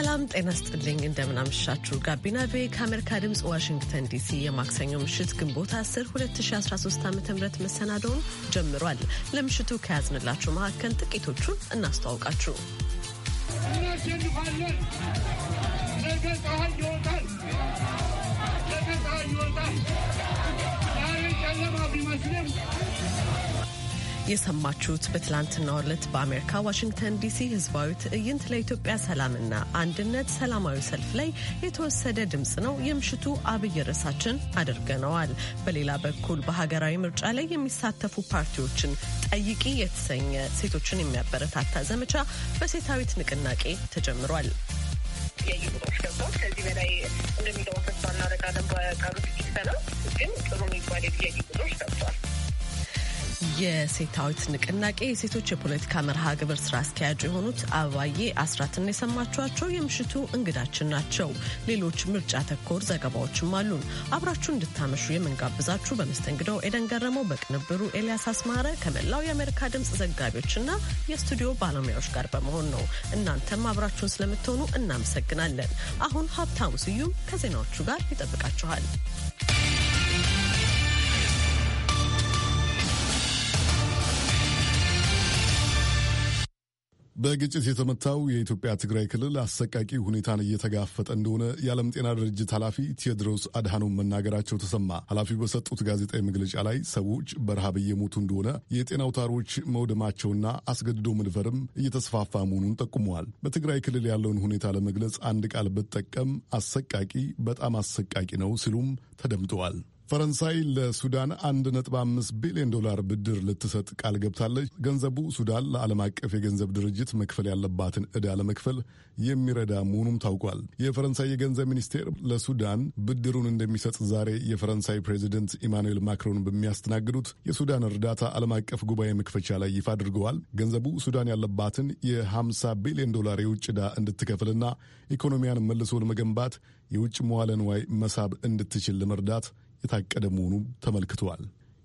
ሰላም ጤና ስጥልኝ። እንደምናመሻችሁ። ጋቢና ቤ ከአሜሪካ ድምፅ ዋሽንግተን ዲሲ የማክሰኞ ምሽት ግንቦት 10 2013 ዓ ም መሰናደውን ጀምሯል። ለምሽቱ ከያዝንላችሁ መካከል ጥቂቶቹን እናስተዋውቃችሁ። እናሸንፋለን። ነገ ፀሐይ ይወጣል። ነገ ፀሐይ ይወጣል። የሰማችሁት በትላንትናው ዕለት በአሜሪካ ዋሽንግተን ዲሲ ህዝባዊ ትዕይንት ለኢትዮጵያ ሰላምና አንድነት ሰላማዊ ሰልፍ ላይ የተወሰደ ድምፅ ነው። የምሽቱ አብይ ርዕሳችን አድርገነዋል። በሌላ በኩል በሀገራዊ ምርጫ ላይ የሚሳተፉ ፓርቲዎችን ጠይቂ የተሰኘ ሴቶችን የሚያበረታታ ዘመቻ በሴታዊት ንቅናቄ ተጀምሯል። ከዚህ በላይ እንደሚገቡ ተስፋ እናደርጋለን። በቀሩት ግን ጥሩ የሚባል የጥያቄ ቁጥሮች ገብቷል። የሴታዊት ንቅናቄ የሴቶች የፖለቲካ መርሃ ግብር ስራ አስኪያጅ የሆኑት አበባዬ አስራትን የሰማችኋቸው የምሽቱ እንግዳችን ናቸው። ሌሎች ምርጫ ተኮር ዘገባዎችም አሉን። አብራችሁ እንድታመሹ የምንጋብዛችሁ በመስተንግደው ኤደን ገረመው፣ በቅንብሩ ኤልያስ አስማረ ከመላው የአሜሪካ ድምፅ ዘጋቢዎችና የስቱዲዮ ባለሙያዎች ጋር በመሆን ነው። እናንተም አብራችሁን ስለምትሆኑ እናመሰግናለን። አሁን ሀብታሙ ስዩም ከዜናዎቹ ጋር ይጠብቃችኋል። በግጭት የተመታው የኢትዮጵያ ትግራይ ክልል አሰቃቂ ሁኔታን እየተጋፈጠ እንደሆነ የዓለም ጤና ድርጅት ኃላፊ ቴድሮስ አድሃኖም መናገራቸው ተሰማ። ኃላፊው በሰጡት ጋዜጣዊ መግለጫ ላይ ሰዎች በረሃብ እየሞቱ እንደሆነ፣ የጤና አውታሮች መውደማቸውና አስገድዶ መድፈርም እየተስፋፋ መሆኑን ጠቁመዋል። በትግራይ ክልል ያለውን ሁኔታ ለመግለጽ አንድ ቃል ብጠቀም አሰቃቂ፣ በጣም አሰቃቂ ነው ሲሉም ተደምጠዋል። ፈረንሳይ ለሱዳን 1.5 ቢሊዮን ዶላር ብድር ልትሰጥ ቃል ገብታለች። ገንዘቡ ሱዳን ለዓለም አቀፍ የገንዘብ ድርጅት መክፈል ያለባትን ዕዳ ለመክፈል የሚረዳ መሆኑም ታውቋል። የፈረንሳይ የገንዘብ ሚኒስቴር ለሱዳን ብድሩን እንደሚሰጥ ዛሬ የፈረንሳይ ፕሬዚደንት ኢማኑኤል ማክሮን በሚያስተናግዱት የሱዳን እርዳታ ዓለም አቀፍ ጉባኤ መክፈቻ ላይ ይፋ አድርገዋል። ገንዘቡ ሱዳን ያለባትን የ50 ቢሊዮን ዶላር የውጭ ዕዳ እንድትከፍልና ኢኮኖሚያን መልሶ ለመገንባት የውጭ መዋለ ንዋይ መሳብ እንድትችል ለመርዳት የታቀደ መሆኑ ተመልክተዋል።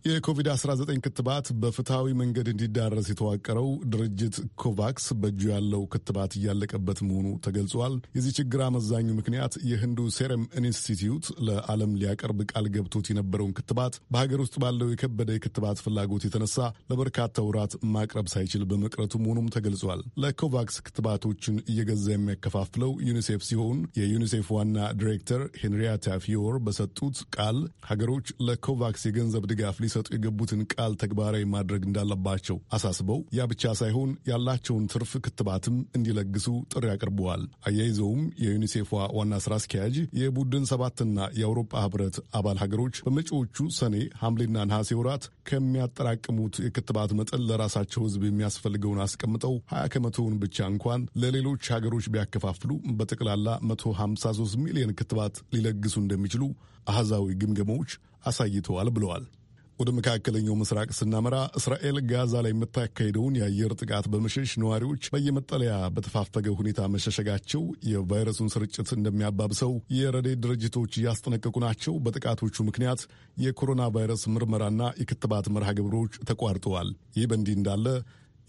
የኮቪድ-19 ክትባት በፍትሐዊ መንገድ እንዲዳረስ የተዋቀረው ድርጅት ኮቫክስ በእጁ ያለው ክትባት እያለቀበት መሆኑ ተገልጿል። የዚህ ችግር አመዛኙ ምክንያት የህንዱ ሴረም ኢንስቲትዩት ለዓለም ሊያቀርብ ቃል ገብቶት የነበረውን ክትባት በሀገር ውስጥ ባለው የከበደ የክትባት ፍላጎት የተነሳ ለበርካታ ውራት ማቅረብ ሳይችል በመቅረቱ መሆኑም ተገልጿል። ለኮቫክስ ክትባቶችን እየገዛ የሚያከፋፍለው ዩኒሴፍ ሲሆን የዩኒሴፍ ዋና ዲሬክተር ሄንሪያታ ፊዮር በሰጡት ቃል ሀገሮች ለኮቫክስ የገንዘብ ድጋፍ ሊ ሲሰጡ የገቡትን ቃል ተግባራዊ ማድረግ እንዳለባቸው አሳስበው ያ ብቻ ሳይሆን ያላቸውን ትርፍ ክትባትም እንዲለግሱ ጥሪ አቅርበዋል። አያይዘውም የዩኒሴፏ ዋና ስራ አስኪያጅ የቡድን ሰባትና የአውሮፓ ህብረት አባል ሀገሮች በመጪዎቹ ሰኔ ሐምሌና ነሐሴ ወራት ከሚያጠራቅሙት የክትባት መጠን ለራሳቸው ህዝብ የሚያስፈልገውን አስቀምጠው 20 ከመቶውን ብቻ እንኳን ለሌሎች ሀገሮች ቢያከፋፍሉ በጠቅላላ 153 ሚሊዮን ክትባት ሊለግሱ እንደሚችሉ አሃዛዊ ግምገማዎች አሳይተዋል ብለዋል። ወደ መካከለኛው ምስራቅ ስናመራ እስራኤል ጋዛ ላይ የምታካሄደውን የአየር ጥቃት በመሸሽ ነዋሪዎች በየመጠለያ በተፋፈገ ሁኔታ መሸሸጋቸው የቫይረሱን ስርጭት እንደሚያባብሰው የረድኤት ድርጅቶች እያስጠነቀቁ ናቸው። በጥቃቶቹ ምክንያት የኮሮና ቫይረስ ምርመራና የክትባት መርሃ ግብሮች ተቋርጠዋል። ይህ በእንዲህ እንዳለ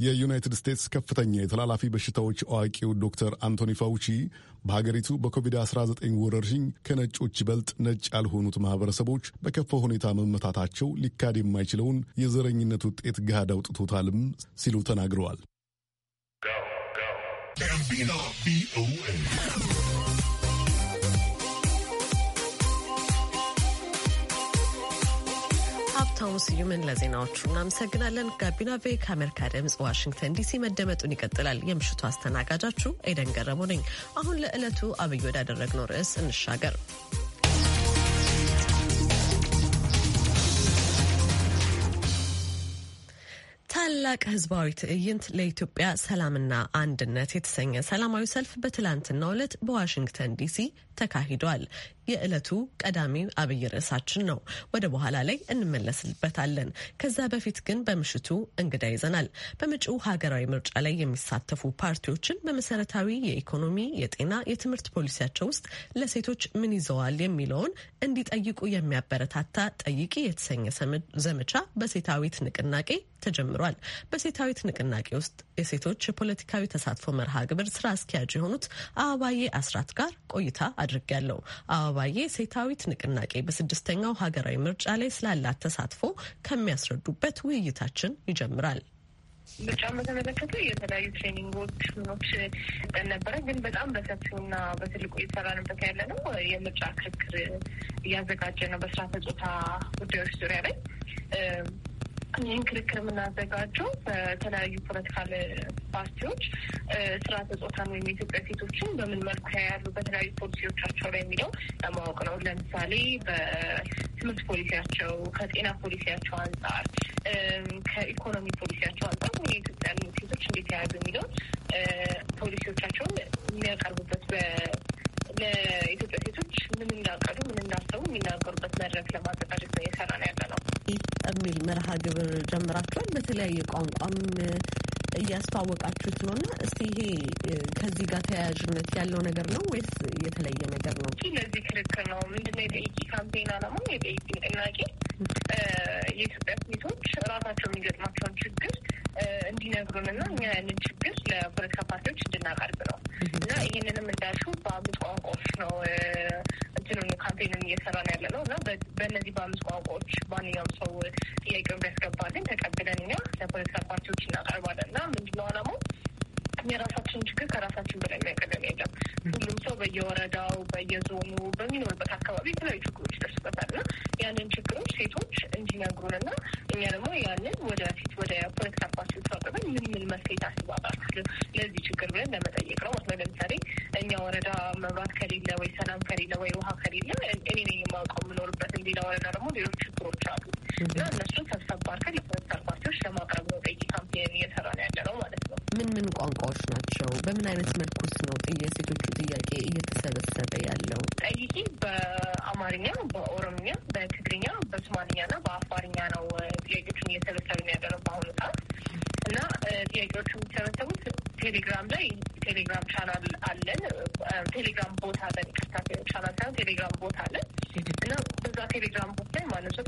የዩናይትድ ስቴትስ ከፍተኛ የተላላፊ በሽታዎች አዋቂው ዶክተር አንቶኒ ፋውቺ በሀገሪቱ በኮቪድ-19 ወረርሽኝ ከነጮች ይበልጥ ነጭ ያልሆኑት ማህበረሰቦች በከፋ ሁኔታ መመታታቸው ሊካድ የማይችለውን የዘረኝነት ውጤት ገሃድ አውጥቶታልም ሲሉ ተናግረዋል። ሀብታሙ ስዩምን ለዜናዎቹ እናመሰግናለን። ጋቢና ቬ ከአሜሪካ ድምፅ ዋሽንግተን ዲሲ መደመጡን ይቀጥላል። የምሽቱ አስተናጋጃችሁ ኤደን ገረሙ ነኝ። አሁን ለዕለቱ አብይ ወዳደረግነው ርዕስ እንሻገር። ታላቅ ህዝባዊ ትዕይንት ለኢትዮጵያ ሰላምና አንድነት የተሰኘ ሰላማዊ ሰልፍ በትላንትናው ዕለት በዋሽንግተን ዲሲ ተካሂዷል። የዕለቱ ቀዳሚ አብይ ርዕሳችን ነው። ወደ በኋላ ላይ እንመለስበታለን። ከዛ በፊት ግን በምሽቱ እንግዳ ይዘናል። በመጪው ሀገራዊ ምርጫ ላይ የሚሳተፉ ፓርቲዎችን በመሰረታዊ የኢኮኖሚ፣ የጤና፣ የትምህርት ፖሊሲያቸው ውስጥ ለሴቶች ምን ይዘዋል የሚለውን እንዲጠይቁ የሚያበረታታ ጠይቂ የተሰኘ ዘመቻ በሴታዊት ንቅናቄ ተጀምሯል። በሴታዊት ንቅናቄ ውስጥ የሴቶች የፖለቲካዊ ተሳትፎ መርሃ ግብር ስራ አስኪያጅ የሆኑት አበባዬ አስራት ጋር ቆይታ አድርጊያለሁ። አበባዬ ሴታዊት ንቅናቄ በስድስተኛው ሀገራዊ ምርጫ ላይ ስላላት ተሳትፎ ከሚያስረዱበት ውይይታችን ይጀምራል። ምርጫን በተመለከተ የተለያዩ ትሬኒንጎች ምኖች ነበረ፣ ግን በጣም በሰፊውና በትልቁ የተሰራንበት ያለ ነው። የምርጫ ክርክር እያዘጋጀ ነው በስራ ተጾታ ጉዳዮች ዙሪያ ላይ ይህን ክርክር የምናዘጋጀው በተለያዩ ፖለቲካል ፓርቲዎች ስራ ተጾታን ወይም የኢትዮጵያ ሴቶችን በምን መልኩ ያያሉ በተለያዩ ፖሊሲዎቻቸው ላይ የሚለው ለማወቅ ነው። ለምሳሌ በትምህርት ፖሊሲያቸው፣ ከጤና ፖሊሲያቸው አንጻር፣ ከኢኮኖሚ ፖሊሲያቸው አንጻር የኢትዮጵያ ሴቶች እንዴት ያሉ የሚለው ፖሊሲዎቻቸውን የሚያቀርቡበት ለኢትዮጵያ ሴቶች ምን እንዳቀዱ ምን እንዳሰቡ የሚናገሩበት መድረክ ለማዘጋጀት ነው የሰራ ነው ያለ ነው። የሚል መርሃ ግብር ጀምራችኋል። በተለያየ ቋንቋም እያስተዋወቃችሁት ነው እና እስቲ ይሄ ከዚህ ጋር ተያያዥነት ያለው ነገር ነው ወይስ የተለየ ነገር ነው? ለዚህ ክርክር ነው ምንድነው የጠይቂ ካምፔን አላማ የጠይቂ ንቅናቄ የኢትዮጵያ ሴቶች ራሳቸው የሚገጥማቸውን ችግር እንዲነግሩን እና እኛ ያንን ችግር ለፖለቲካ ፓርቲዎች እንድናቀርብ ነው እና ይህንንም እንዳልሽው በአምስት ቋንቋዎች ነው እንትኑን እየሰራ ነው ያለ ነው እና በእነዚህ በአምስት ቋንቋዎች ማንኛውም ሰው ጥያቄውን ቢያስገባልን ተቀብለን እኛ ለፖለቲካ ፓርቲዎች እናቀርባለን እና ምንድነው አላማው የራሳችን ችግር ከራሳችን በላይ የሚያቀደም የለም። ሁሉም ሰው በየወረዳው፣ በየዞኑ፣ በሚኖርበት አካባቢ የተለያዩ ችግሮች ይደርሱበታል እና ያንን ችግሮች ሴቶች እንዲነግሩን እና እኛ ደግሞ ያንን ወደፊት ወደ ፖለቲካ ፓርቲዎች አቅርበን ምን ምን መፍትሄ ታስባላችሁ ለዚህ ችግር ብለን ለመጠየቅ ነው ማለት ነው። ለምሳሌ እኛ ወረዳ መብራት ከሌለ ወይ ሰላም ከሌለ ወይ ውሃ ከሌለ እኔ ነኝ የማውቀው የምኖርበት ሌላ ወረዳ ደግሞ ሌሎች ችግሮች አሉ እና እነሱን ሰብሰብ አድርገን ለፖለቲካ ፓርቲዎች ለማቅረብ ነው ጠይቅ ካምፔን እየሰራ ቋንቋዎች ናቸው? በምን አይነት መልኩስ ነው የሴቶቹ ጥያቄ እየተሰበሰበ ያለው? ጠይቂ በአማርኛ፣ በኦሮምኛ፣ በትግርኛ፣ በሶማልኛ በሶማሊኛና በአፋርኛ ነው ጥያቄዎችን እየሰበሰብ የሚያደረው በአሁኑ ሰዓት እና ጥያቄዎቹ የሚሰበሰቡት ቴሌግራም ላይ ቴሌግራም ቻናል አለን። ቴሌግራም ቦታ አለን። ቻናል ሳይሆን ቴሌግራም ቦታ አለን እና በዛ ቴሌግራም ቦታ ላይ ማለት ነው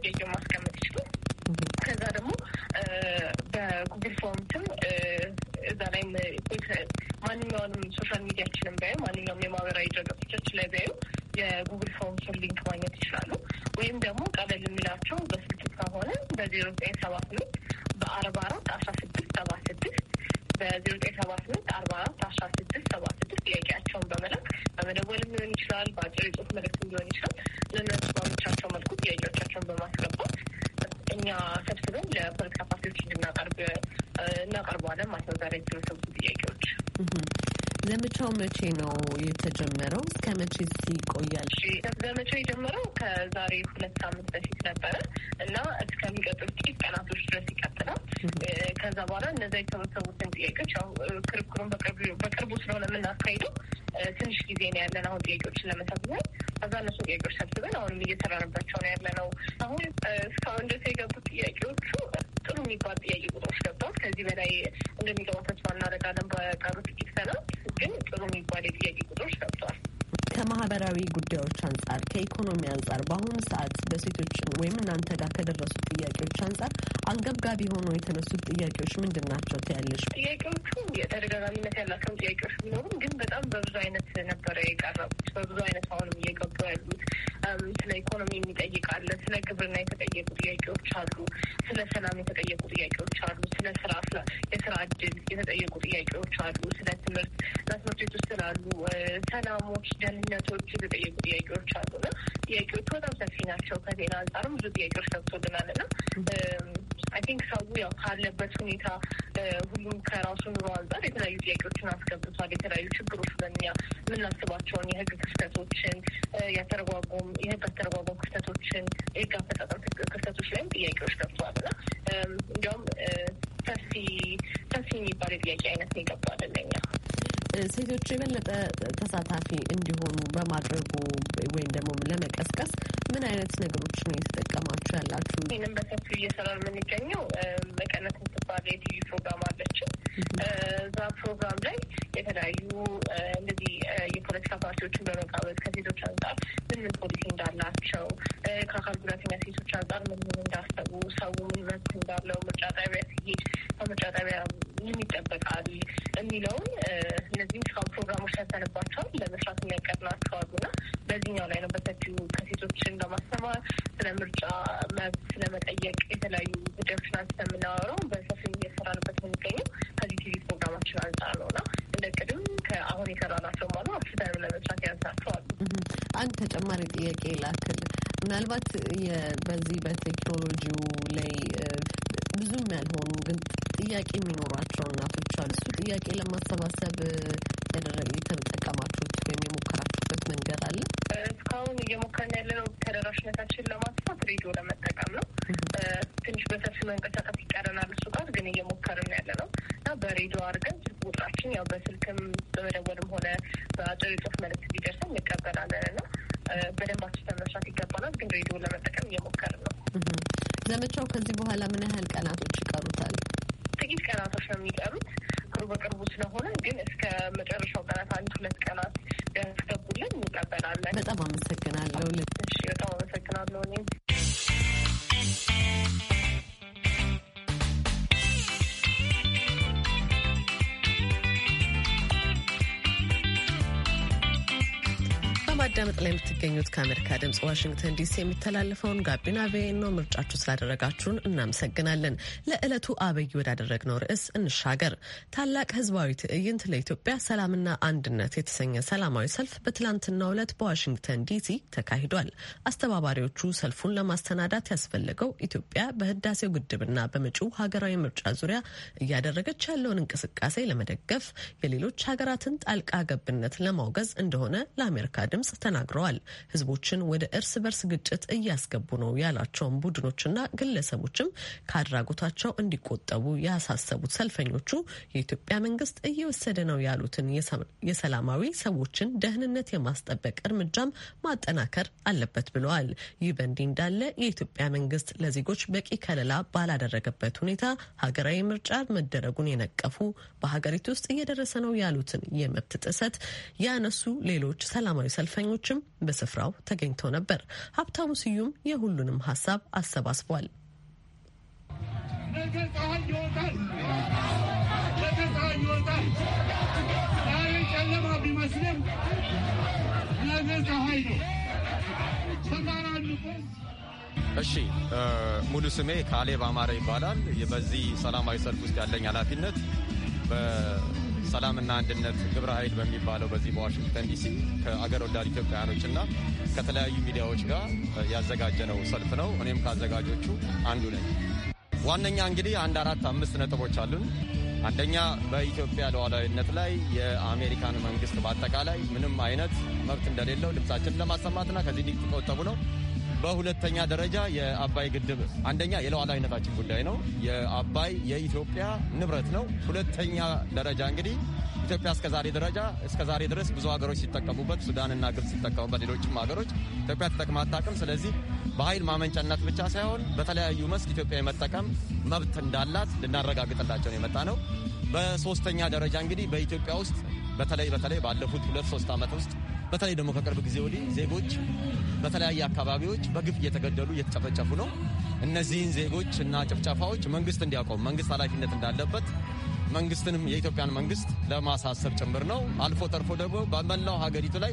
እኛ ሰብስበን ለፖለቲካ ፓርቲዎች እንድናቀርብ እናቀርበዋለን ማለት ነው። ዛሬ ጥያቄዎች ዘመቻው መቼ ነው የተጀመረው? እስከ መቼ ይቆያል? ዘመቻው የጀመረው ከዛሬ ሁለት ሳምንት በፊት ነበረ እና እስከሚቀጥሉት ጥቂት ቀናቶች ድረስ ይቀጥላል። ከዛ በኋላ እነዛ የተሰበሰቡትን ጥያቄዎች ያው ክርክሩን በቅርቡ ስለሆነ የምናካሄደው ትንሽ ጊዜ ነው ያለን አሁን ጥያቄዎችን ለመሰብሰብ ከዛ እነሱ ጥያቄዎች ሰብስበን አሁንም እየሰራንባቸው ነው ያለ ነው። አሁን እስካሁን ድረስ የገቡ ጥያቄዎቹ ጥሩ የሚባል ጥያቄ ቁጥሮች ገብተዋል። ከዚህ በላይ እንደሚገባ ተስፋ እናደርጋለን። በቀሩ ጥቂት ሰናት ግን ጥሩ የሚባል የጥያቄ ቁጥሮች ገብተዋል። ከማህበራዊ ጉዳዮች አንጻር ከኢኮኖሚ አንጻር በአሁኑ ሰዓት በሴቶች ወይም እናንተ ጋር ከደረሱት ጥያቄዎች አንጻር አንገብጋቢ ሆኖ የተነሱት ጥያቄዎች ምንድን ናቸው ትያለሽ? ጥያቄዎቹ ተደጋጋሚነት ያላቸው ጥያቄዎች ቢኖሩም ግን በጣም በብዙ አይነት ነበረ የቀረቡት። በብዙ አይነት አሁንም እየገቡ ያሉት ስለ ኢኮኖሚ የሚጠይቅ ስለ ግብርና የተጠየቁ ጥያቄዎች አሉ፣ ስለ ሰላም የተጠየቁ ጥያቄዎች አሉ፣ ስለ ስራ የስራ እድል የተጠየቁ ጥያቄዎች አሉ፣ ስለ ትምህርት እና ትምህርት ቤት ውስጥ ስላሉ ሰላሞች፣ ደህንነቶች የተጠየቁ ጥያቄዎች አሉ እና ጥያቄዎቹ በጣም ሰፊ ናቸው። ከዜና አንጻርም ብዙ ጥያቄዎች ገብቶልናል እና አይ ቲንክ ሰው ያው ካለበት ሁኔታ ሁሉም ከራሱ ኑሮ አንጻር የተለያዩ ጥያቄዎችን አስገብቷል። የተለያዩ ችግሮች በኛ የምናስባቸውን የህግ ክፍተቶችን ያተረጓጎም የህግ አተረጓጎም ክፍተቶችን የህግ አፈጻጸም ክፍተቶች ላይም ጥያቄዎች ገብተዋል እና እንዲያውም ሰፊ ሰፊ የሚባል የጥያቄ አይነት ነው የገባለን ለኛ ሴቶች የበለጠ ተሳታፊ እንዲሆኑ በማድረጉ ወይም ደግሞ ለመቀስቀስ ምን አይነት ነገሮች ነው የተጠቀማችሁ ያላችሁ? ይህንም በሰፊው እየሰራ የምንገኘው መቀነት ምትባል የቲቪ ፕሮግራም አለችን። እዛ ፕሮግራም ላይ የተለያዩ ፖለቲካ ፓርቲዎችን በመቃወዝ ከሴቶች አንጻር ምን ምን ፖሊሲ እንዳላቸው ከአካል ጉዳተኛ ሴቶች አንጻር ምን ምን እንዳሰቡ ሰው ምን መብት እንዳለው ምርጫ ጣቢያ ሲሄድ ከምርጫ ጣቢያ ምን ይጠበቃል የሚለውን እነዚህም እስካሁን ፕሮግራሞች ሰርተንባቸዋል። ለመስራት የሚያቀድ ናቸዋሉ እና በዚህኛው ላይ ነው በሰፊው ከሴቶችን ለማስተማር ስለ ምርጫ መብት ስለመጠየቅ የተለያዩ ጉዳዮች ናት ስለምናወራው በሰፊው እየሰራንበት የሚገኘው ከዚህ ቲቪ ፕሮግራማችን አንጻር ነው እና እቅድም ከአሁን የሰራናቸው ማለ አስዳዩ ለመስራት ያንሳቸዋል። አንድ ተጨማሪ ጥያቄ ላክል። ምናልባት በዚህ በቴክኖሎጂው ላይ ብዙም ያልሆኑ ግን ጥያቄ የሚኖሯቸው እናቶች አሉ። እሱ ጥያቄ ለማሰባሰብ ያደረገ የተጠቀማችሁት ወይም የሞከራችሁበት መንገድ አለ? እስካሁን እየሞከርን ያለነው ተደራሽነታችን ለማስፋት ሬዲዮ ለመ ሬዲዮ አድርገን ስልክ ቁጥራችን ያው በስልክም በመደወልም ሆነ በአጭር ጽሁፍ መልዕክት ቢደርሰን እንቀበላለን እና በደንባችን ተመሻት ይገባናል። ግን ሬዲዮ ለመጠቀም እየሞከር ነው። ዘመቻው ከዚህ በኋላ ምን ያህል ቀናቶች ይቀሩታል? ጥቂት ቀናቶች ነው የሚቀሩት። ክሩ በቅርቡ ስለሆነ ግን እስከ መጨረሻው ቀናት አንድ ሁለት ቀናት ያስገቡልን እንቀበላለን። በጣም አመሰግናለሁ። በጣም በ19 የምትገኙት ከአሜሪካ ድምጽ ዋሽንግተን ዲሲ የሚተላለፈውን ጋቢና ቪኦኤ ነው። ምርጫችሁ ስላደረጋችሁን እናመሰግናለን። ለዕለቱ አብይ ወዳደረግነው ርዕስ እንሻገር። ታላቅ ህዝባዊ ትዕይንት ለኢትዮጵያ ሰላምና አንድነት የተሰኘ ሰላማዊ ሰልፍ በትላንትናው ዕለት በዋሽንግተን ዲሲ ተካሂዷል። አስተባባሪዎቹ ሰልፉን ለማስተናዳት ያስፈለገው ኢትዮጵያ በህዳሴው ግድብና በመጪው ሀገራዊ ምርጫ ዙሪያ እያደረገች ያለውን እንቅስቃሴ ለመደገፍ የሌሎች ሀገራትን ጣልቃ ገብነት ለማውገዝ እንደሆነ ለአሜሪካ ድምጽ ተናግረዋል። ህዝቦችን ወደ እርስ በርስ ግጭት እያስገቡ ነው ያላቸውን ቡድኖችና ግለሰቦችም ከአድራጎታቸው እንዲቆጠቡ ያሳሰቡት ሰልፈኞቹ የኢትዮጵያ መንግስት እየወሰደ ነው ያሉትን የሰላማዊ ሰዎችን ደህንነት የማስጠበቅ እርምጃም ማጠናከር አለበት ብለዋል። ይህ በእንዲህ እንዳለ የኢትዮጵያ መንግስት ለዜጎች በቂ ከለላ ባላደረገበት ሁኔታ ሀገራዊ ምርጫ መደረጉን የነቀፉ በሀገሪቱ ውስጥ እየደረሰ ነው ያሉትን የመብት ጥሰት ያነሱ ሌሎች ሰላማዊ ሰልፈኞችም በስፍራው ተገኝቶ ነበር። ሀብታሙ ስዩም የሁሉንም ሀሳብ አሰባስቧል። እሺ ሙሉ ስሜ ካሌብ አማረ ይባላል። በዚህ ሰላማዊ ሰልፍ ውስጥ ያለኝ ኃላፊነት ሰላምና አንድነት ግብረ ኃይል በሚባለው በዚህ በዋሽንግተን ዲሲ ከአገር ወዳድ ኢትዮጵያውያኖችና ከተለያዩ ሚዲያዎች ጋር ያዘጋጀነው ሰልፍ ነው። እኔም ከአዘጋጆቹ አንዱ ነኝ። ዋነኛ እንግዲህ አንድ አራት አምስት ነጥቦች አሉን። አንደኛ በኢትዮጵያ ሉዓላዊነት ላይ የአሜሪካን መንግስት በአጠቃላይ ምንም አይነት መብት እንደሌለው ድምጻችንን ለማሰማትና ከዚህ ሊቅ ነው። በሁለተኛ ደረጃ የአባይ ግድብ አንደኛ የሉዓላዊነታችን ጉዳይ ነው። የአባይ የኢትዮጵያ ንብረት ነው። ሁለተኛ ደረጃ እንግዲህ ኢትዮጵያ እስከዛሬ ደረጃ እስከዛሬ ድረስ ብዙ ሀገሮች ሲጠቀሙበት፣ ሱዳንና ግብጽ ሲጠቀሙበት፣ ሌሎችም ሀገሮች ኢትዮጵያ ተጠቅማ አታውቅም። ስለዚህ በኃይል ማመንጫነት ብቻ ሳይሆን በተለያዩ መስክ ኢትዮጵያ የመጠቀም መብት እንዳላት ልናረጋግጥላቸው የመጣ ነው። በሶስተኛ ደረጃ እንግዲህ በኢትዮጵያ ውስጥ በተለይ በተለይ ባለፉት ሁለት ሶስት ዓመት ውስጥ በተለይ ደግሞ ከቅርብ ጊዜ ወዲህ ዜጎች በተለያየ አካባቢዎች በግፍ እየተገደሉ እየተጨፈጨፉ ነው። እነዚህን ዜጎች እና ጭፍጨፋዎች መንግስት እንዲያቆም መንግስት ኃላፊነት እንዳለበት መንግስትንም የኢትዮጵያን መንግስት ለማሳሰብ ጭምር ነው። አልፎ ተርፎ ደግሞ በመላው ሀገሪቱ ላይ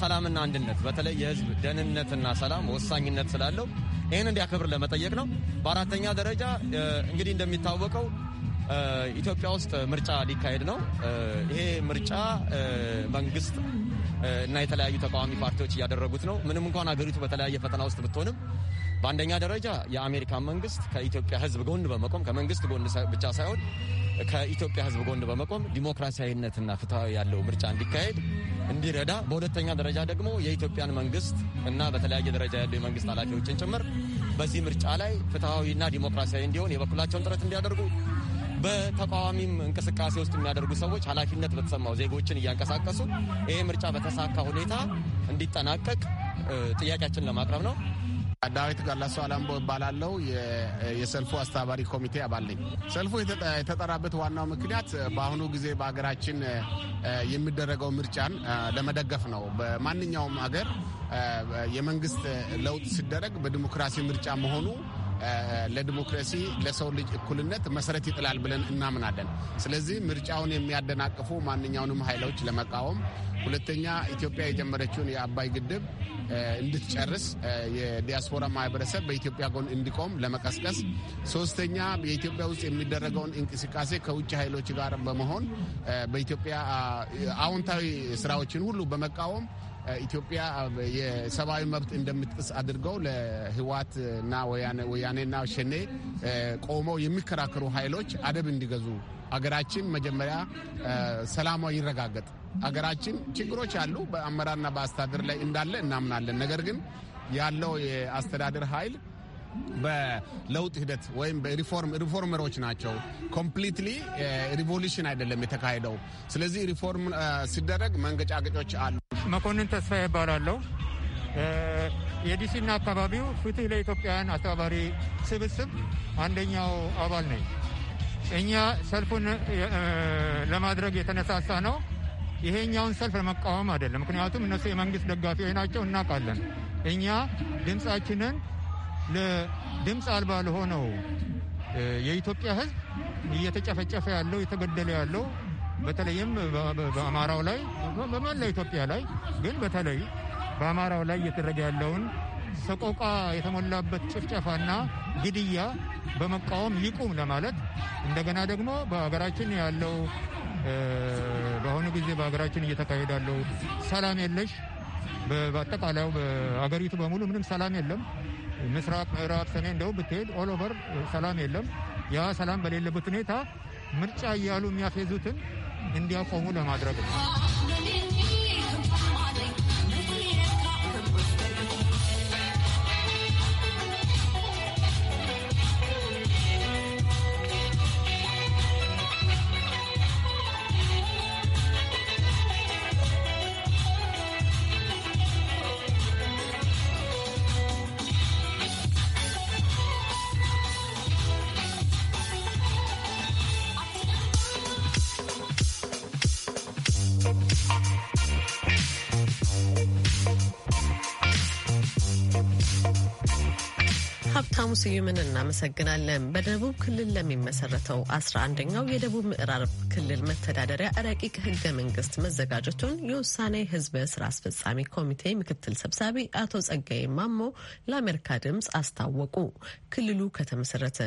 ሰላምና አንድነት በተለይ የህዝብ ደህንነትና ሰላም ወሳኝነት ስላለው ይህን እንዲያከብር ለመጠየቅ ነው። በአራተኛ ደረጃ እንግዲህ እንደሚታወቀው ኢትዮጵያ ውስጥ ምርጫ ሊካሄድ ነው። ይሄ ምርጫ መንግስት እና የተለያዩ ተቃዋሚ ፓርቲዎች እያደረጉት ነው። ምንም እንኳን ሀገሪቱ በተለያየ ፈተና ውስጥ ብትሆንም በአንደኛ ደረጃ የአሜሪካን መንግስት ከኢትዮጵያ ሕዝብ ጎን በመቆም ከመንግስት ጎን ብቻ ሳይሆን ከኢትዮጵያ ሕዝብ ጎን በመቆም ዲሞክራሲያዊነትና ፍትሐዊ ያለው ምርጫ እንዲካሄድ እንዲረዳ፣ በሁለተኛ ደረጃ ደግሞ የኢትዮጵያን መንግስት እና በተለያየ ደረጃ ያሉ የመንግስት ኃላፊዎችን ጭምር በዚህ ምርጫ ላይ ፍትሐዊና ዲሞክራሲያዊ እንዲሆን የበኩላቸውን ጥረት እንዲያደርጉ በተቃዋሚም እንቅስቃሴ ውስጥ የሚያደርጉ ሰዎች ኃላፊነት በተሰማው ዜጎችን እያንቀሳቀሱ ይህ ምርጫ በተሳካ ሁኔታ እንዲጠናቀቅ ጥያቄያችን ለማቅረብ ነው። ዳዊት ጋላሶ አላምቦ እባላለሁ። የሰልፉ አስተባባሪ ኮሚቴ አባል ነኝ። ሰልፉ የተጠራበት ዋናው ምክንያት በአሁኑ ጊዜ በሀገራችን የሚደረገው ምርጫን ለመደገፍ ነው። በማንኛውም ሀገር የመንግስት ለውጥ ሲደረግ በዲሞክራሲ ምርጫ መሆኑ ለዲሞክራሲ ለሰው ልጅ እኩልነት መሰረት ይጥላል ብለን እናምናለን። ስለዚህ ምርጫውን የሚያደናቅፉ ማንኛውንም ኃይሎች ለመቃወም ሁለተኛ ኢትዮጵያ የጀመረችውን የአባይ ግድብ እንድትጨርስ የዲያስፖራ ማህበረሰብ በኢትዮጵያ ጎን እንዲቆም ለመቀስቀስ፣ ሶስተኛ የኢትዮጵያ ውስጥ የሚደረገውን እንቅስቃሴ ከውጭ ኃይሎች ጋር በመሆን በኢትዮጵያ አዎንታዊ ስራዎችን ሁሉ በመቃወም ኢትዮጵያ የሰብአዊ መብት እንደምትጥስ አድርገው ለህወሓትና ወያኔና ሸኔ ቆመው የሚከራከሩ ኃይሎች አደብ እንዲገዙ አገራችን መጀመሪያ ሰላሟ ይረጋገጥ። አገራችን ችግሮች አሉ፣ በአመራርና በአስተዳደር ላይ እንዳለ እናምናለን። ነገር ግን ያለው የአስተዳደር ኃይል በለውጥ ሂደት ወይም በሪፎርም ሪፎርመሮች ናቸው። ኮምፕሊትሊ ሪቮሉሽን eh, አይደለም የተካሄደው። ስለዚህ ሪፎርም eh, ሲደረግ መንገጫገጮች አሉ። መኮንን ተስፋ ይባላለሁ። eh, የዲሲና አካባቢው ፍትህ ለኢትዮጵያውያን አስተባባሪ ስብስብ አንደኛው አባል ነኝ። እኛ ሰልፉን ለማድረግ የተነሳሳ ነው። ይሄኛውን ሰልፍ ለመቃወም አይደለም። ምክንያቱም እነሱ የመንግስት ደጋፊዎች ናቸው፣ እናውቃለን። እኛ ድምፃችንን ለድምፅ አልባ ለሆነው የኢትዮጵያ ሕዝብ እየተጨፈጨፈ ያለው የተገደለ ያለው በተለይም በአማራው ላይ በመላ ኢትዮጵያ ላይ ግን በተለይ በአማራው ላይ እየተደረገ ያለውን ሰቆቃ የተሞላበት ጭፍጨፋና ግድያ በመቃወም ይቁም ለማለት እንደገና ደግሞ በሀገራችን ያለው በአሁኑ ጊዜ በሀገራችን እየተካሄደ ያለው ሰላም የለሽ በአጠቃላዩ በአገሪቱ በሙሉ ምንም ሰላም የለም። ምስራቅ፣ ምዕራብ ሰሜን፣ ደቡብ ብትሄድ ኦል ኦቨር ሰላም የለም። ያ ሰላም በሌለበት ሁኔታ ምርጫ እያሉ የሚያፌዙትን እንዲያቆሙ ለማድረግ ነው። ሀብታሙ ስዩምን እናመሰግናለን። በደቡብ ክልል ለሚመሰረተው አስራ አንደኛው የደቡብ ምዕራብ ክልል መተዳደሪያ ረቂቅ ህገ መንግስት መዘጋጀቱን የውሳኔ ህዝብ ስራ አስፈጻሚ ኮሚቴ ምክትል ሰብሳቢ አቶ ጸጋዬ ማሞ ለአሜሪካ ድምፅ አስታወቁ። ክልሉ ከተመሰረተ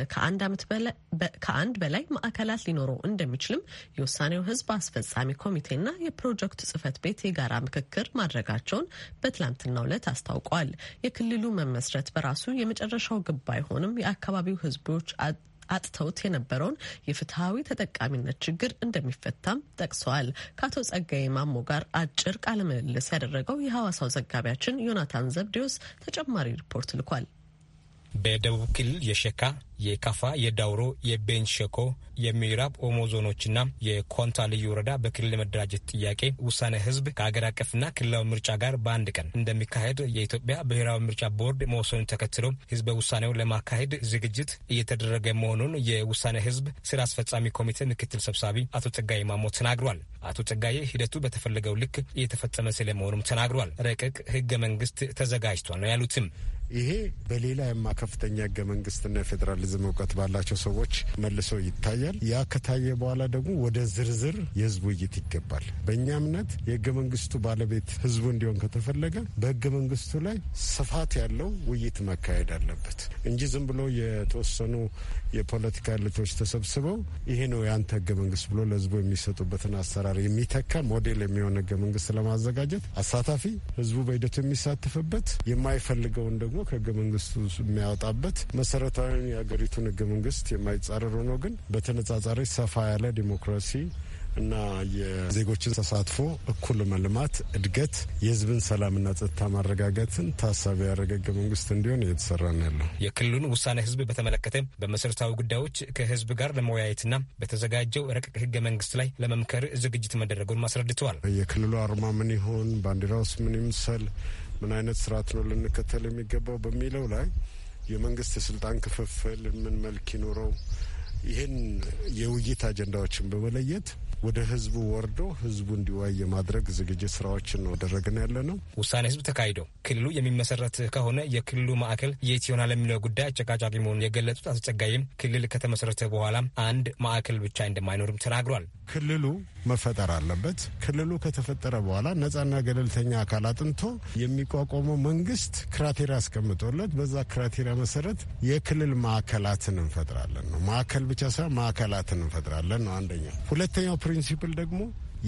ከአንድ በላይ ማዕከላት ሊኖረው እንደሚችልም የውሳኔው ህዝብ አስፈጻሚ ኮሚቴና የፕሮጀክቱ ጽህፈት ቤት የጋራ ምክክር ማድረጋቸውን በትላንትናው ዕለት አስታውቋል። የክልሉ መመስረት በራሱ የመጨረሻው ግብ አይሆንም። የአካባቢው ህዝቦች አጥተውት የነበረውን የፍትሐዊ ተጠቃሚነት ችግር እንደሚፈታም ጠቅሰዋል። ከአቶ ጸጋዬ ማሞ ጋር አጭር ቃለ ምልልስ ያደረገው የሐዋሳው ዘጋቢያችን ዮናታን ዘብዴዎስ ተጨማሪ ሪፖርት ልኳል። በደቡብ ክልል የሸካ የካፋ፣ የዳውሮ፣ የቤንች ሸኮ፣ የምዕራብ ኦሞ ዞኖችና የኮንታ ልዩ ወረዳ በክልል መደራጀት ጥያቄ ውሳኔ ህዝብ ከሀገር አቀፍና ክልላዊ ምርጫ ጋር በአንድ ቀን እንደሚካሄድ የኢትዮጵያ ብሔራዊ ምርጫ ቦርድ መወሰኑን ተከትሎ ህዝበ ውሳኔውን ለማካሄድ ዝግጅት እየተደረገ መሆኑን የውሳኔ ህዝብ ስራ አስፈጻሚ ኮሚቴ ምክትል ሰብሳቢ አቶ ጸጋዬ ማሞ ተናግሯል። አቶ ጸጋዬ ሂደቱ በተፈለገው ልክ እየተፈጸመ ስለመሆኑም ተናግሯል። ረቂቅ ህገ መንግስት ተዘጋጅቷል ነው ያሉትም። ይሄ በሌላ የማ ከፍተኛ ህገ መንግስትና የፌዴራል የህዝብ እውቀት ባላቸው ሰዎች መልሶ ይታያል። ያ ከታየ በኋላ ደግሞ ወደ ዝርዝር የህዝብ ውይይት ይገባል። በእኛ እምነት የህገ መንግስቱ ባለቤት ህዝቡ እንዲሆን ከተፈለገ በህገ መንግስቱ ላይ ስፋት ያለው ውይይት መካሄድ አለበት እንጂ ዝም ብሎ የተወሰኑ የፖለቲካ ልቶች ተሰብስበው ይሄ ነው የአንተ ህገ መንግስት ብሎ ለህዝቡ የሚሰጡበትን አሰራር የሚተካ ሞዴል የሚሆን ህገ መንግስት ለማዘጋጀት አሳታፊ ህዝቡ በሂደቱ የሚሳተፍበት የማይፈልገውን ደግሞ ከህገ መንግስቱ የሚያወጣበት መሰረታዊ የሀገር የሀገሪቱን ህገ መንግስት የማይጻረር ሆኖ ግን በተነጻጻሪ ሰፋ ያለ ዲሞክራሲ እና የዜጎችን ተሳትፎ፣ እኩል መልማት፣ እድገት፣ የህዝብን ሰላምና ጸጥታ ማረጋገጥን ታሳቢ ያደረገ ህገ መንግስት እንዲሆን እየተሰራ ነው ያለው። የክልሉን ውሳኔ ህዝብ በተመለከተ በመሰረታዊ ጉዳዮች ከህዝብ ጋር ለመወያየትና በተዘጋጀው ረቂቅ ህገ መንግስት ላይ ለመምከር ዝግጅት መደረጉን አስረድተዋል። የክልሉ አርማ ምን ይሆን፣ ባንዲራውስ ምን ይምሰል፣ ምን አይነት ስርዓት ነው ልንከተል የሚገባው በሚለው ላይ የመንግስት ስልጣን ክፍፍል ምን መልክ ይኖረው ይህን የውይይት አጀንዳዎችን በመለየት ወደ ህዝቡ ወርዶ ህዝቡ እንዲዋይ የማድረግ ዝግጅት ስራዎችን ነው ያደረግን ያለ ነው። ውሳኔ ህዝብ ተካሂደው ክልሉ የሚመሰረት ከሆነ የክልሉ ማዕከል የት ይሆናል ለሚለው ጉዳይ አጨቃጫቂ መሆኑን የገለጹት አቶ ጸጋይም ክልል ከተመሰረተ በኋላ አንድ ማዕከል ብቻ እንደማይኖርም ተናግሯል። ክልሉ መፈጠር አለበት። ክልሉ ከተፈጠረ በኋላ ነጻና ገለልተኛ አካል አጥንቶ የሚቋቋመው መንግስት ክራቴሪያ አስቀምጦለት በዛ ክራቴሪያ መሰረት የክልል ማዕከላትን እንፈጥራለን ነው ማዕከል ብቻ ሳይሆን ማዕከላትን እንፈጥራለን ነው አንደኛው። ሁለተኛው ፕሪንሲፕል ደግሞ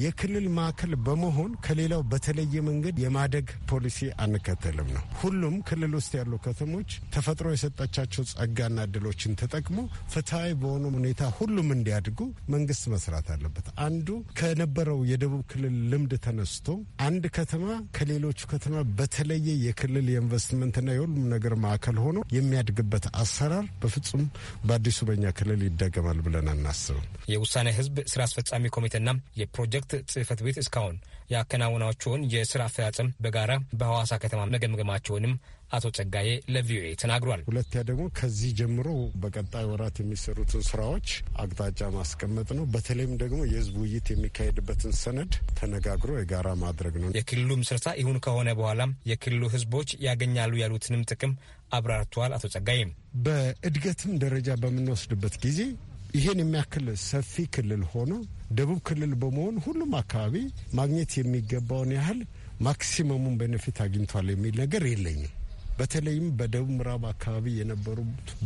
የክልል ማዕከል በመሆን ከሌላው በተለየ መንገድ የማደግ ፖሊሲ አንከተልም ነው። ሁሉም ክልል ውስጥ ያሉ ከተሞች ተፈጥሮ የሰጠቻቸው ጸጋና እድሎችን ተጠቅሞ ፍትሐዊ በሆነ ሁኔታ ሁሉም እንዲያድጉ መንግስት መስራት አለበት። አንዱ ከነበረው የደቡብ ክልል ልምድ ተነስቶ አንድ ከተማ ከሌሎቹ ከተማ በተለየ የክልል የኢንቨስትመንትና የሁሉም ነገር ማዕከል ሆኖ የሚያድግበት አሰራር በፍጹም በአዲሱ በኛ ክልል ይደገማል ብለን አናስብም። የውሳኔ ህዝብ ስራ አስፈጻሚ ኮሚቴና የፕሮጀክት መልእክት ጽህፈት ቤት እስካሁን ያከናወናቸውን የስራ አፈጻጸም በጋራ በሐዋሳ ከተማ መገምገማቸውንም አቶ ጸጋዬ ለቪኦኤ ተናግሯል። ሁለተኛ ደግሞ ከዚህ ጀምሮ በቀጣይ ወራት የሚሰሩትን ስራዎች አቅጣጫ ማስቀመጥ ነው። በተለይም ደግሞ የህዝብ ውይይት የሚካሄድበትን ሰነድ ተነጋግሮ የጋራ ማድረግ ነው። የክልሉ ምስረታ ይሁን ከሆነ በኋላም የክልሉ ህዝቦች ያገኛሉ ያሉትንም ጥቅም አብራርተዋል። አቶ ጸጋዬም በእድገትም ደረጃ በምንወስድበት ጊዜ ይሄን የሚያክል ሰፊ ክልል ሆኖ ደቡብ ክልል በመሆን ሁሉም አካባቢ ማግኘት የሚገባውን ያህል ማክሲመሙን ቤኔፊት አግኝቷል የሚል ነገር የለኝም። በተለይም በደቡብ ምዕራብ አካባቢ የነበሩ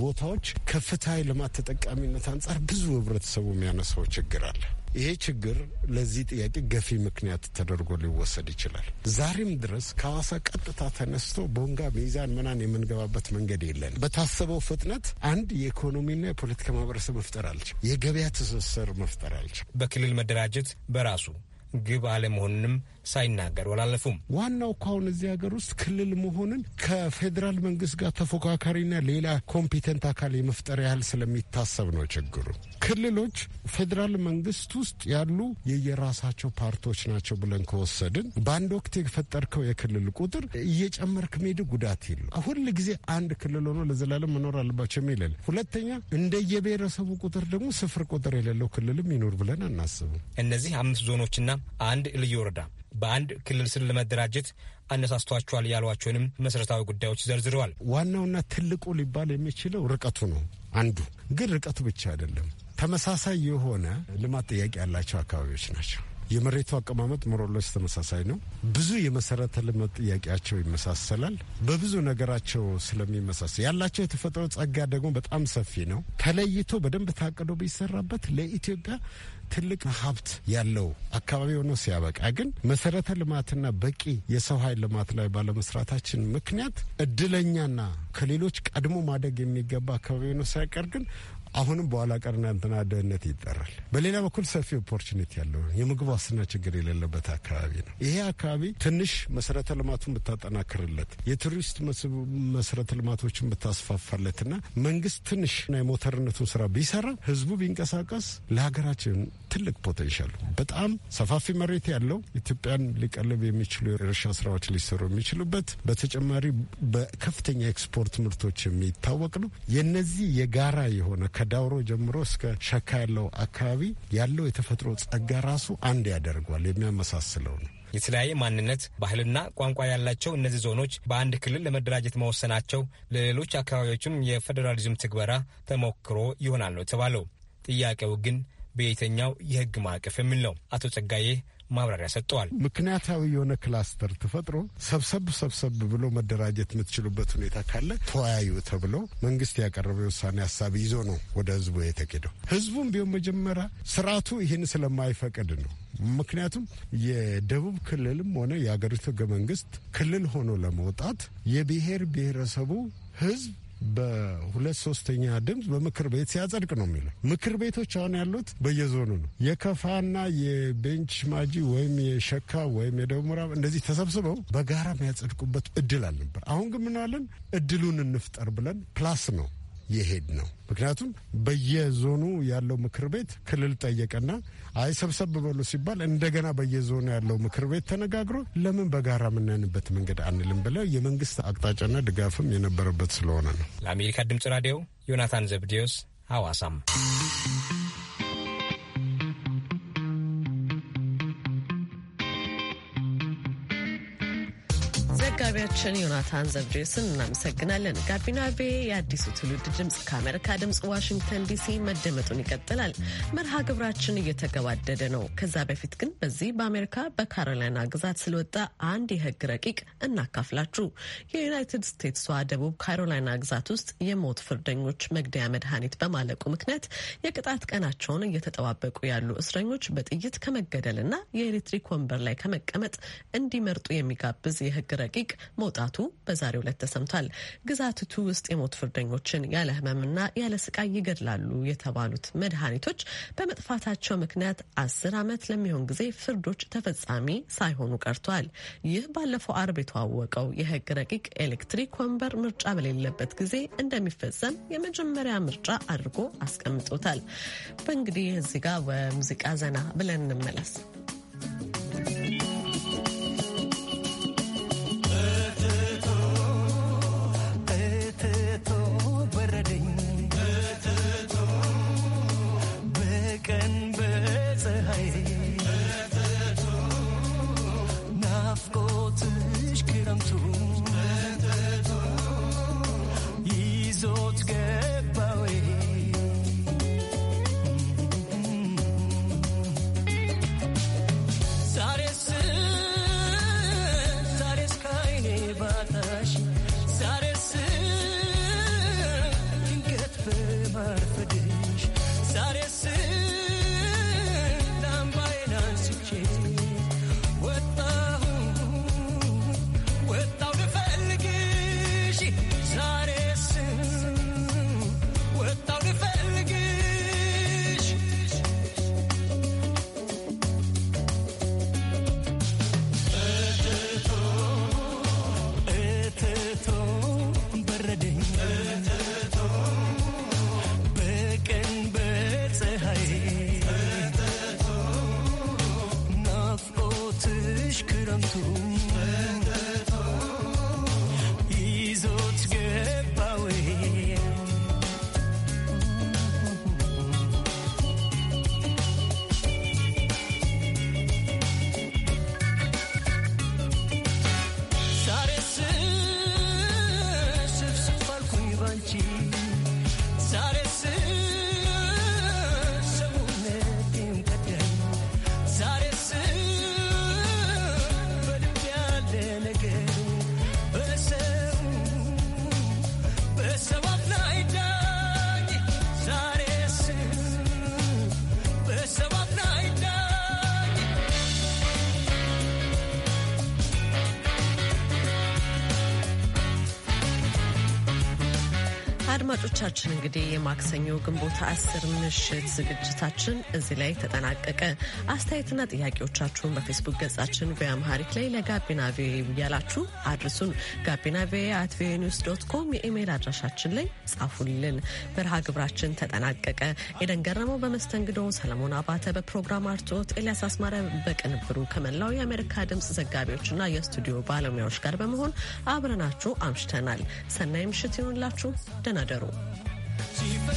ቦታዎች ከፍታ ልማት ተጠቃሚነት አንጻር ብዙ ህብረተሰቡ የሚያነሳው ችግር አለ። ይሄ ችግር ለዚህ ጥያቄ ገፊ ምክንያት ተደርጎ ሊወሰድ ይችላል። ዛሬም ድረስ ከሐዋሳ ቀጥታ ተነስቶ ቦንጋ ሚዛን ምናን የምንገባበት መንገድ የለን። በታሰበው ፍጥነት አንድ የኢኮኖሚና የፖለቲካ ማህበረሰብ መፍጠር አልችል፣ የገበያ ትስስር መፍጠር አልችል። በክልል መደራጀት በራሱ ግብ አለመሆኑንም ሳይናገሩ አላለፉም። ዋናው እኮ አሁን እዚህ ሀገር ውስጥ ክልል መሆንን ከፌዴራል መንግስት ጋር ተፎካካሪና ሌላ ኮምፒተንት አካል የመፍጠር ያህል ስለሚታሰብ ነው ችግሩ። ክልሎች ፌዴራል መንግስት ውስጥ ያሉ የየራሳቸው ፓርቲዎች ናቸው ብለን ከወሰድን በአንድ ወቅት የፈጠርከው የክልል ቁጥር እየጨመርክ መሄድ ጉዳት የለው። ሁል ጊዜ አንድ ክልል ሆኖ ለዘላለም መኖር አለባቸው የሚለል ሁለተኛ የብሔረሰቡ ቁጥር ደግሞ ስፍር ቁጥር የሌለው ክልልም ይኖር ብለን አናስብም። እነዚህ አምስት ዞኖችና አንድ ልዩ ወረዳ በአንድ ክልል ስር ለመደራጀት አነሳስቷቸዋል ያሏቸውንም መሰረታዊ ጉዳዮች ዘርዝረዋል። ዋናውና ትልቁ ሊባል የሚችለው ርቀቱ ነው። አንዱ ግን ርቀቱ ብቻ አይደለም። ተመሳሳይ የሆነ ልማት ጥያቄ ያላቸው አካባቢዎች ናቸው። የመሬቱ አቀማመጥ ሞሮሎች ተመሳሳይ ነው። ብዙ የመሰረተ ልማት ጥያቄያቸው ይመሳሰላል። በብዙ ነገራቸው ስለሚመሳሰል ያላቸው የተፈጥሮ ጸጋ ደግሞ በጣም ሰፊ ነው። ተለይቶ በደንብ ታቅዶ ቢሰራበት ለኢትዮጵያ ትልቅ ሀብት ያለው አካባቢ ሆኖ ሲያበቃ ግን መሰረተ ልማትና በቂ የሰው ኃይል ልማት ላይ ባለመስራታችን ምክንያት እድለኛና ከሌሎች ቀድሞ ማደግ የሚገባ አካባቢ ሆኖ ሳይቀር ግን አሁንም በኋላ ቀርና እንትና ድህነት ይጠራል። በሌላ በኩል ሰፊ ኦፖርቹኒቲ ያለው የምግብ ዋስትና ችግር የሌለበት አካባቢ ነው። ይሄ አካባቢ ትንሽ መሰረተ ልማቱን ብታጠናክርለት፣ የቱሪስት መሰረተ ልማቶችን ብታስፋፋለትና መንግስት ትንሽ የሞተርነቱን ስራ ቢሰራ፣ ህዝቡ ቢንቀሳቀስ ለሀገራችን ትልቅ ፖቴንሻል በጣም ሰፋፊ መሬት ያለው ኢትዮጵያን ሊቀልብ የሚችሉ የእርሻ ስራዎች ሊሰሩ የሚችሉበት በተጨማሪ በከፍተኛ ኤክስፖርት ምርቶች የሚታወቅ ነው። የነዚህ የጋራ የሆነ ከዳውሮ ጀምሮ እስከ ሸካ ያለው አካባቢ ያለው የተፈጥሮ ጸጋ ራሱ አንድ ያደርገዋል፣ የሚያመሳስለው ነው። የተለያየ ማንነት፣ ባህልና ቋንቋ ያላቸው እነዚህ ዞኖች በአንድ ክልል ለመደራጀት መወሰናቸው ለሌሎች አካባቢዎችም የፌዴራሊዝም ትግበራ ተሞክሮ ይሆናል ነው የተባለው። ጥያቄው ግን በየትኛው የህግ ማዕቀፍ የሚል ነው። አቶ ጸጋዬ ማብራሪያ ሰጥተዋል። ምክንያታዊ የሆነ ክላስተር ተፈጥሮ ሰብሰብ ሰብሰብ ብሎ መደራጀት የምትችሉበት ሁኔታ ካለ ተወያዩ ተብሎ መንግስት ያቀረበው የውሳኔ ሀሳብ ይዞ ነው ወደ ህዝቡ የተኬደው። ህዝቡም ቢሆን መጀመሪያ ስርዓቱ ይህን ስለማይፈቅድ ነው። ምክንያቱም የደቡብ ክልልም ሆነ የአገሪቱ ህገ መንግስት ክልል ሆኖ ለመውጣት የብሔር ብሔረሰቡ ህዝብ በሁለት ሶስተኛ ድምፅ በምክር ቤት ሲያጸድቅ ነው የሚለው። ምክር ቤቶች አሁን ያሉት በየዞኑ ነው። የከፋና የቤንች ማጂ ወይም የሸካ ወይም የደቡብ ምዕራብ እንደዚህ ተሰብስበው በጋራ የሚያጸድቁበት እድል አልነበር። አሁን ግን ምናለን እድሉን እንፍጠር ብለን ፕላስ ነው የሄድ ነው። ምክንያቱም በየዞኑ ያለው ምክር ቤት ክልል ጠየቀና አይ ሰብሰብ በሉ ሲባል እንደገና በየዞኑ ያለው ምክር ቤት ተነጋግሮ ለምን በጋራ የምናንበት መንገድ አንልም ብለ የመንግስት አቅጣጫና ድጋፍም የነበረበት ስለሆነ ነው። ለአሜሪካ ድምጽ ራዲዮ ዮናታን ዘብዲዮስ ሐዋሳም ዘጋቢያችን ዮናታን ዘብዴስን እናመሰግናለን። ጋቢና ቤ የአዲሱ ትውልድ ድምፅ ከአሜሪካ ድምፅ ዋሽንግተን ዲሲ መደመጡን ይቀጥላል። መርሃ ግብራችን እየተገባደደ ነው። ከዛ በፊት ግን በዚህ በአሜሪካ በካሮላይና ግዛት ስለወጣ አንድ የህግ ረቂቅ እናካፍላችሁ። የዩናይትድ ስቴትሷ ደቡብ ካሮላይና ግዛት ውስጥ የሞት ፍርደኞች መግደያ መድኃኒት በማለቁ ምክንያት የቅጣት ቀናቸውን እየተጠባበቁ ያሉ እስረኞች በጥይት ከመገደልና የኤሌክትሪክ ወንበር ላይ ከመቀመጥ እንዲመርጡ የሚጋብዝ የሕግ ረቂቅ መውጣቱ በዛሬው ዕለት ተሰምቷል። ግዛትቱ ውስጥ የሞት ፍርደኞችን ያለ ህመምና ያለ ስቃይ ይገድላሉ የተባሉት መድኃኒቶች በመጥፋታቸው ምክንያት አስር ዓመት ለሚሆን ጊዜ ፍርዶች ተፈጻሚ ሳይሆኑ ቀርቷል። ይህ ባለፈው አርብ የተዋወቀው የህግ ረቂቅ ኤሌክትሪክ ወንበር ምርጫ በሌለበት ጊዜ እንደሚፈጸም የመጀመሪያ ምርጫ አድርጎ አስቀምጦታል። በእንግዲህ እዚህ ጋር በሙዚቃ ዘና ብለን እንመለስ። አድማጮቻችን እንግዲህ የማክሰኞ ግንቦት አስር ምሽት ዝግጅታችን እዚህ ላይ ተጠናቀቀ። አስተያየትና ጥያቄዎቻችሁን በፌስቡክ ገጻችን በአምሃሪክ ላይ ለጋቢና ቪኦኤ እያላችሁ አድርሱን። ጋቢና ቪኦኤ አት ቪኦኤ ኒውስ ዶት ኮም የኢሜይል አድራሻችን ላይ ጻፉልን። በረሃ ግብራችን ተጠናቀቀ። ኤደን ገረመው በመስተንግዶ፣ ሰለሞን አባተ በፕሮግራም አርትዖት፣ ኤልያስ አስማረ በቅንብሩ ከመላው የአሜሪካ ድምፅ ዘጋቢዎችና የስቱዲዮ ባለሙያዎች ጋር በመሆን አብረናችሁ አምሽተናል። ሰናይ ምሽት ይሁንላችሁ። ደህና አደሩ።